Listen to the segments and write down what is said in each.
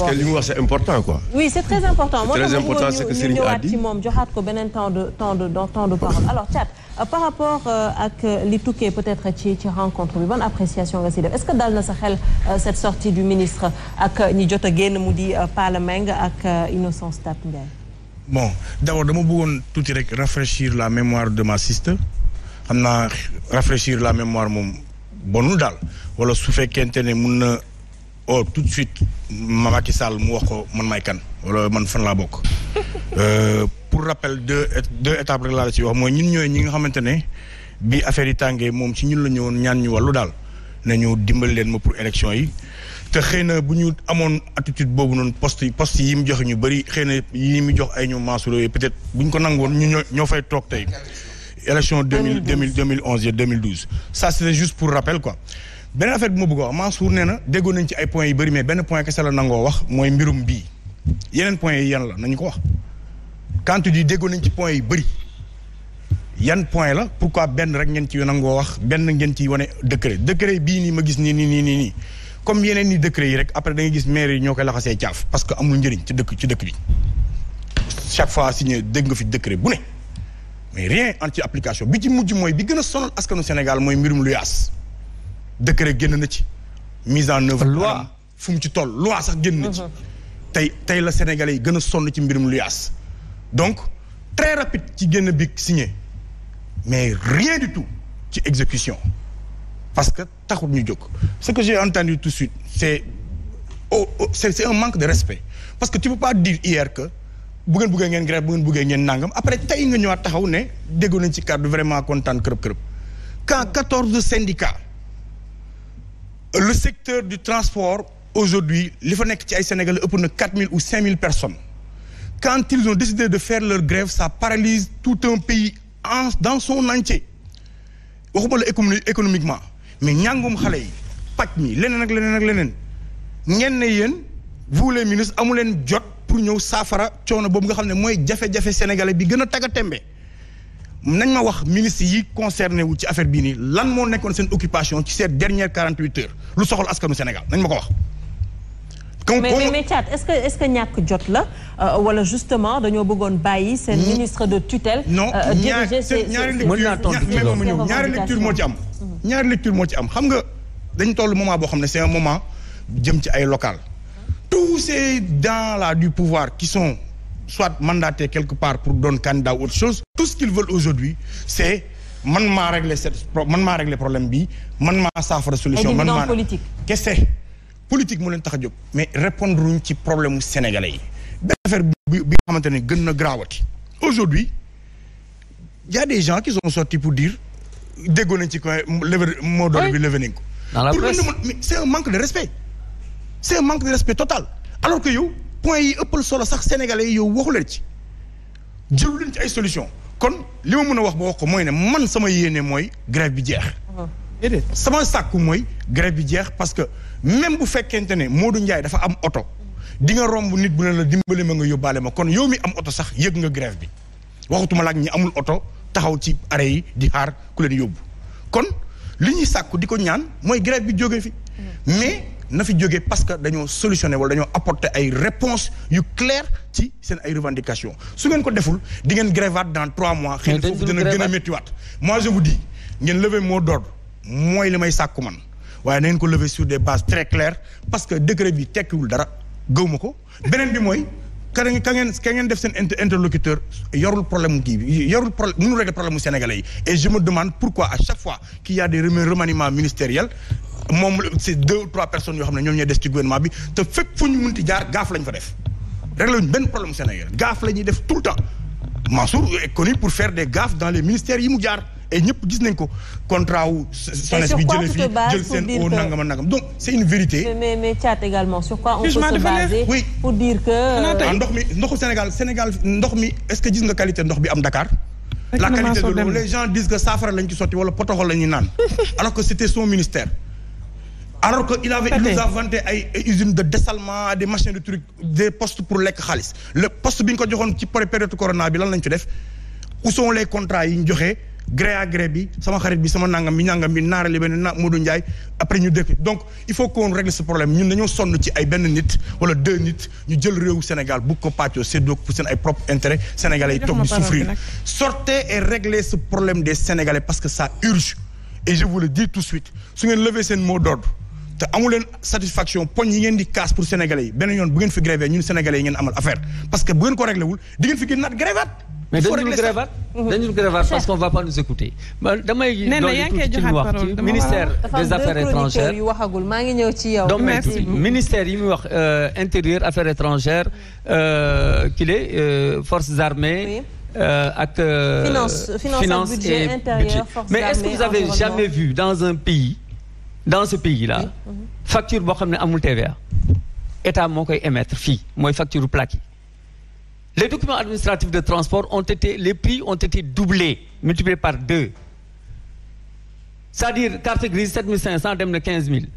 parce que c'est très important moo tax ñu ñu ñëwaat ci moom joxaat ko beneen temps de temps de temps alors Thiat euh, par rapport euh, ak euh, li tukkee peut-être ci ci rencontre bi ban appréciation nga si def est-ce que dal na sa xel cette sortie du ministre ak ñi jot a génn mu di Pala Meng ak Innocence Ntap Ndiaye. bon d'abord dama bëggoon tuuti rek rafraîchir la mémoire de ma sister xam naa rafraîchir la mémoire moom bonul daal wala su fekkente ne mun na. oh tout de suite Macky Sall mu wax ko man may kan wala man fan laa bokk euh, pour rappel deux deux étapes rek la ci wax mooy ñun ñëwee ñi nga xamante ne bi affaire yi tàngee moom ci ñun la ñëwoon ñaan ñu wàllu daal nañu dimbali leen ma pour élection yi te xëy na bu ñu amoon attitude boobu noonu poste yi poste yi mu joxe ñu bëri xëy na yi mu jox ay ñu Mansour peut-être bu ñu ko nangoon ñu ñoo fay toog tey élection 2000 2011 et 2012 ça c'était juste pour rappel quoi beneen affaire bi ma bëgg wax Mansour nee na déggoon nañ ci ay points yu bëri mais benn point kese la nangoo wax mooy mbirum bii yeneen points yi yan la nañu ko wax quand tu déggoon nañ ci point yu bëri yan point la pourquoi benn rek ngeen ci nangoo wax benn ngeen ci wane décret décret bii nii ma gis nii nii nii nii comme yeneen ni décret yi rek après da nga gis maire yi ñoo koy laxasee caaf parce que amul njëriñ ci dëkk ci dëkk bi chaque fois signé dégg nga fi décret bu ne mais rien en ci application bi ci mujj mooy bi gën a askanu Sénégal mooy mbirum luyaas décret génn na ci mise en œuvre loi fu ci toll loi sax génn na ci uh-huh. tey tey la sénégalais yi gën a sonn ci mbirum luyaas donc très rapide ci génn bi signé mais rien du tout ci exécution parce que taxul ñu jóg ce que j'ai tout de suite c'est oh, oh, c'est c'est un manque de respect parce que tu pas dire hier que bu ngeen bëggee ngeen grève bu ngeen bëggee ngeen nangam après tey nga ñëwaat taxaw ne déggoon nañ ci kàddu vraiment kontaan kërëb kërëb quand quatorze syndicats le secteur du transport aujourd'hui li fa nekk ci ay Sénégalais ëpp na quatre mille ou cinq mille personnes quand ils ont décidé de faire leur grève sa paralyse tout un pays en dans son entier waxuma la économie économiquement mais ñàngum xale yi pàcc mi leneen ak leneen ak leneen ngeen ne yéen vous ministre ministres amu leen jot pour ñëw saafara coono boobu nga xam ne mooy jafe-jafe sénégalais bi gën a tagga tembe nañ ma wax ministre yi concerné wu ci affaire bii nii lan moo nekkoon seen occupation ci ces dernières quarante huit lu soxla soxal askanu Sénégal nañ ma ko wax. comme mais mais mais Thiat est-ce que est-ce ñàkk jot la euh, wala justement dañoo bëggoon bàyyi. seen hmm. ministre de tutelle. non euh, ñaari ñaari lecture moo ci am. Hmm. ñaari lecture moo ci am xam nga dañ toll moment boo xam ne c'est un jëm ci ay local tous est dans là du pouvoir qui sont. soit mandaté quelque part pour doon candidat ou autre chose tout ce qu'ils veulent aujourd'hui c'est man maa régler cette man maa régler problème bi man maa saafara solution man maa politique kese politique mu leen tax a jóg mais répondre wuñ ci problème mu sénégalais yi benn affaire bi bi xamante ne gën na grawati aujourd'hui y a des gens qui sont sortis pour dire déggoo nañ ci ko lever moo doon bi lever nañ ko pour c'est un manque de respect c'est un manque de respect total point yi ëppal solo sax sénégalais yi yow waxu leen ci jëlu leen ci ay solution kon li ma mën a wax ba wax ko mooy ne man sama yéene mooy grève bi jeex ah. sama sàkku mooy grève bi jeex parce que même bu fekkente ne moo du Ndiaye dafa am oto di nga romb nit bu ne la dimbale ma nga yóbbaale ma kon yow mi am oto sax yëg nga grève bi waxatuma laak ñi amul oto taxaw ci arrêt yi di xaar ku leen yóbbu kon li ñuy sàkku di ko ñaan mooy grève bi jóge fi mm. mais na fi jógee parce que dañoo solutionné wala dañoo apporte ay réponses yu claires ci seen ay revendications su ngeen ko deful di ngeen grévaat dans trois mois. xëy na foofu dina gën a méttiwaat. moi ngeen levee moo d'ordre mooy li may sàkku man waaye na ngeen ko lever sur des bases très claires parce que décret bi tekkiwul dara gëw ma ko beneen bi mooy. ka ngeen ka ngeen def seen interlocuteur yorul problème kii bi yorul problème mënul problème mu yi et je me demande pourquoi à chaque fois qu'il y a des remaniements ministériels moom c'est deux ou trois personnes yoo xam ne ñoom ñooy des ci gouvernement bi te fépp fu ñu munti jaar gaaf lañ fa def régler wuñ benn problème sénégalais gaaf la ñuy def tout le temps Mansour est connu pour faire des gaffes dans les ministères yi mu jaar et ñëpp gis nañ ko contrat wu. SONES bi jëlee fii jël seen au nangam nangam donc c' une vérité. Ah, ndox mi ndoxu Sénégal Sénégal ndox mi est ce que gis nga qualité ndox bi am Dakar. la qualité de l'eau les gens disent que saafara ci sotti wala potoxol la ñuy naan alors que c' son ministère. alors que il avait il nous a ay usines de dessalement des machines de trucs des postes pour lekk xaalis le poste bi ñu ko joxoon ci période corona bi lan lañ ci def où les contrats yi ñu joxe. gré à gré bi sama xarit bi sama nangam bi nangam bi naarali benn na Modou Ndiaye après ñu dëkk donc il faut qu'on règle ce problème ñun nañoo sonn ci ay benn nit wala deux nit ñu jël réewu Sénégal bu ko pàccoo séddoo pour seen ay propre intérêt sénégalais yi toog di souffrir sortez et réglez ce problème des sénégalais parce que sa urge et je vous le dis tout de suite su ngeen lever seen mot d'ordre te amu leen satisfaction poñ yi ngeen di casse pour sénégalais yi benn parce que bu ngeen ko réglé wul di ngeen mais dañu grévat dañu grévat parce qu'on va pas nous écouter damay doon ci wax ci ministère des affaires étrangères yu waxagul maa ngi ñëw ci yow donc ministère yi muy wax euh, intérieur affaires étrangères euh, kile euh, forces armées ak finance et mais est-ce que vous avez jamais vu dans un pays dans ce pays là mhm. facture boo xam ne amul TVA état moo koy émettre fii mooy facture plaque les documents administratifs de transport ont été les prix ont été doublés multipliés par deux c'est-à-dire carte grise 7500 dem na 15000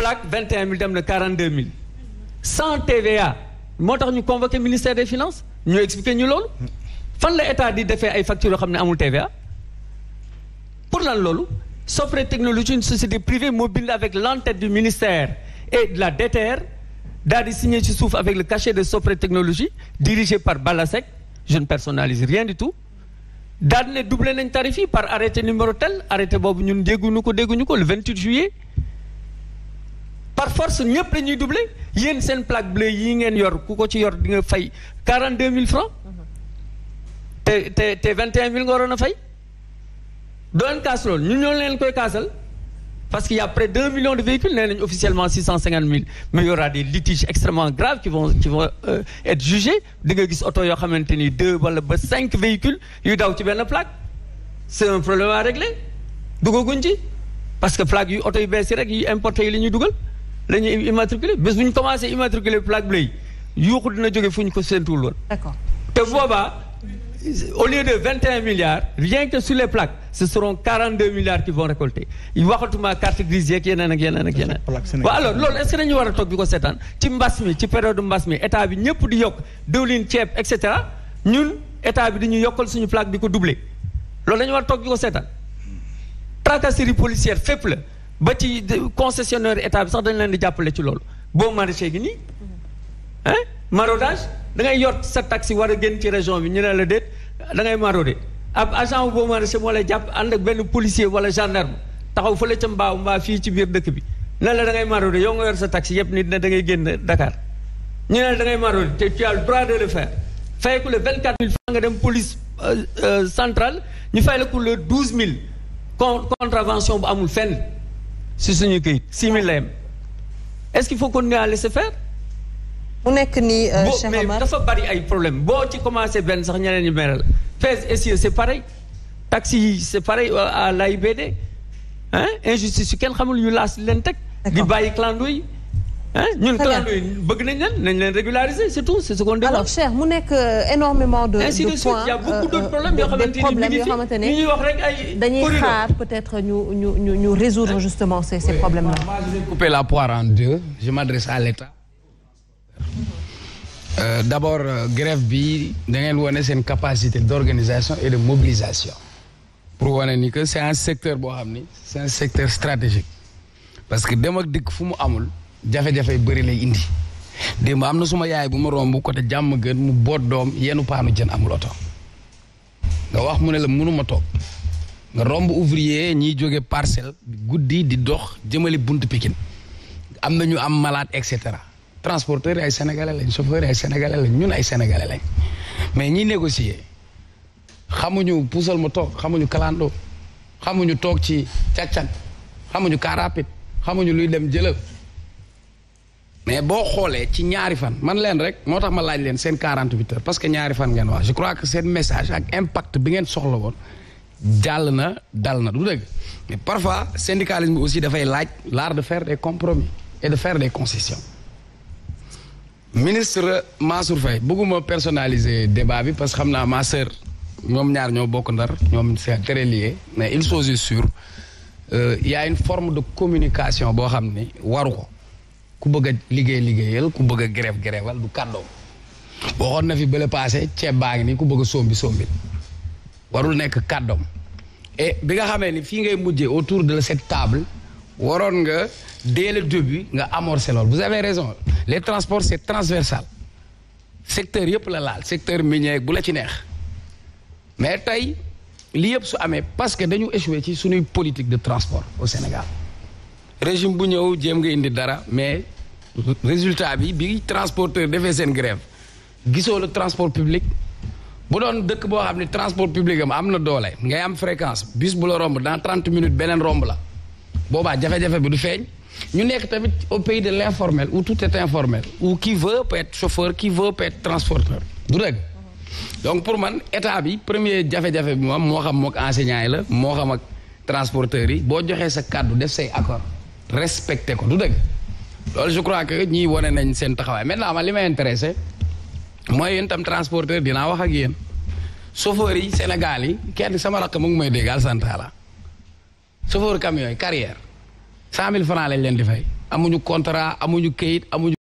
plaque 21000 dem na 42000 sans TVA moo tax ñu convoqué ministère des finances ñoo expliqué ñu loolu fan la état di defee ay factures yoo xam ne amul TVA pour lan loolu Sopre Technologie une société privée mobile avec l'entête du ministère et de la daal di signé ci suuf avec le cachet de Sopre Technologie dirigé par Balasek je ne personnalise rien du tout daal di ne doublé nañ tarif yi par arrêté numéro tel arrêté boobu ñun dégguñu ko dégguñu ko le 28 juillet par force ñëpp la ñuy doublé yéen seen plaque bleue yi ngeen yor ku ko ci yor di nga fay 42 000 francs te te te 21 000 nga waroon a fay doon kaas loolu ñu ñoo leen koy kaasal. parce qu'il y a près de 2 millions de véhicules nee nañ officiellement 650 000 litiges extrêmement graves qui vont euh, être jugés di nga gis oto yoo xamante ni deux wala ba cinq véhicules yu daw ci benn plaque c'est un problème à régler duggaguñ ci parce que plaque yu oto yu bees yi rek yu importé yi la ñuy dugal la ñuy immatriculé bés bu ñu commencé immatriculé plaque bleu yi yuuxu dina jóge fu ñu ko séntuwul loon d'accord te boobaa. au lieu de vingt et un milliards rien que sur les plaques ce seront quarante deux milliards qui vont récolter waxatuma carte grise yeeg yeneen ak yeneen ak yeneen waaw alors loolu est-ce que dañu war a toog di ko seetaan ci mbas mi ci période mbas mi état bi ñëpp di yokk diwlin ceeb et cetera ñun état bi dañuy yokkal suñu plaque di ko doubler loolu dañu war a togg di ko seetaan tracasserie policière fépp la ba ci concessionnaire état bi sax dañ leen di jàppale ci loolu boo maraîcher gi nii hein maraudage da ngay yot sa taxi war a génn ci région bi ñu ne la déet dangay ngay marauder ab agent boobu maraicher moo la jàpp ànd ak benn policier wala gendarme taxaw la ca mbaaw mbaa fii ci biir dëkk bi ne la da ngay marauder yow nga yor sa taxi yëpp nit na da ngay génn Dakar ñu ne la da ngay marauder te tu as le droit de le faire fay ku le vingt quatre mille francs nga dem police euh, euh, centrale ñu fay la ku douze mille contravention bu amul fenn si suñu këyit six mille la yem mu nekk nii euh, Cheikh dafa bari ay problème boo ci commencé benn sax ñeneen ñu meral pèse essieu c'est pareil taxi yi c'est pareil euh, à l'AIBD ah injustice yu kenn xamul ñu laas leen teg di bàyyi clando yi ah ñun clando yi bëgg nañ leen nañ leen régulariser c'est tout c'est ce qu'on demande alors cher mu nekk euh, énormément de ainsi de suite il y a xamante ni problèmes yoo wax rek ay dañuy xaar peut-être ñu ñu ñu résoudre justement ces ces problèmes là moi la poire en deux je m'adresse à l'État Euh, d' abord euh, grève bi da ngeen wane seen capacité d' organisation et de mobilisation pour wane nii que c' un secteur boo xam ni c' un secteur stratégique parce que dem ak dikk fu mu amul jafe-jafe yu bëri lay indi démb am na suma yaay bu ma romb côté jàmm gën mu boot doom yenu paanu jën amul oto nga wax mu ne la mënuma toog nga romb ouvrier ñiy jóge parcelle guddi di dox jëmali bunt pikin am na ñu am malade et cetera. transporteurs yi ay sénégalais lañ chauffeurs yi ay sénégalais lañ ñun ay sénégalais lañ mais ñiy négocier xamuñu puusal ma toog xamuñu kalandoo xamuñu toog ci càccan xamuñu car rapide xamuñu luy dem jëlal mais boo xoolee ci ñaari fan man leen rek moo tax ma laaj leen seen 48 heures parce que ñaari fan ngeen wax je crois que seen message ak impact bi ngeen soxla woon jàll na dal na du dëgg mais parfois syndicalisme aussi dafay laaj laar de faire des compromis et de faire des concessions ministre Mansour Faye bëgguma personnaliser débat bi parce que xam naa ma ñoom ñaar ñoo bokk ndar ñoom c'est très lié mais il faut juste sûr euh, y a une forme de communication boo xam ni waru ko ku bëgg liggéey liggéeyal ku bëgg a grève grèveal du kàddoom waxoon na fi bële passé ceeb baa ngi nii ku bëgg a sombi sombi warul nekk kàddoom et bi nga xamee ni fii ngay mujjee autour de cette table waroon nga dès le début nga amorcer lool vous avez raison les transport c'est transversal secteur yëpp la laal secteur minier bu la ci neex mais tey li yëpp su amee parce que dañu échoué ci suñuy politique de transport au Sénégal régime bu ñëw jéem nga indi dara mais résultat bi bi transporteur defee seen grève gisoo le transport public bu doon dëkk boo xam ne transport public am am na doole nga am fréquence bis bu la romb dans trente minutes beneen romb la boobaa jafe-jafe bi du feeñ ñu nekk tamit au pays de l'informel où tout est informel où qui veut peut chauffeur qui veut peut transporteur du dëgg donc pour man état bi premier jafe-jafe bi moom moo xam mook enseignant yi la moo xam ak transporteurs yi boo joxee sa kàddu def say accord respecté ko du dëgg loolu je crois que ñii wane nañ seen taxawaay maintenant man li may intéressé mooy yéen tam transporteur dinaa wax ak yéen chauffeur yi Sénégal yi kenn sama rakk mu mooy may dégg Alassane Talla chauffeur camion cent mille francs lañ leen di amuñu contrat amuñu kayit amuñu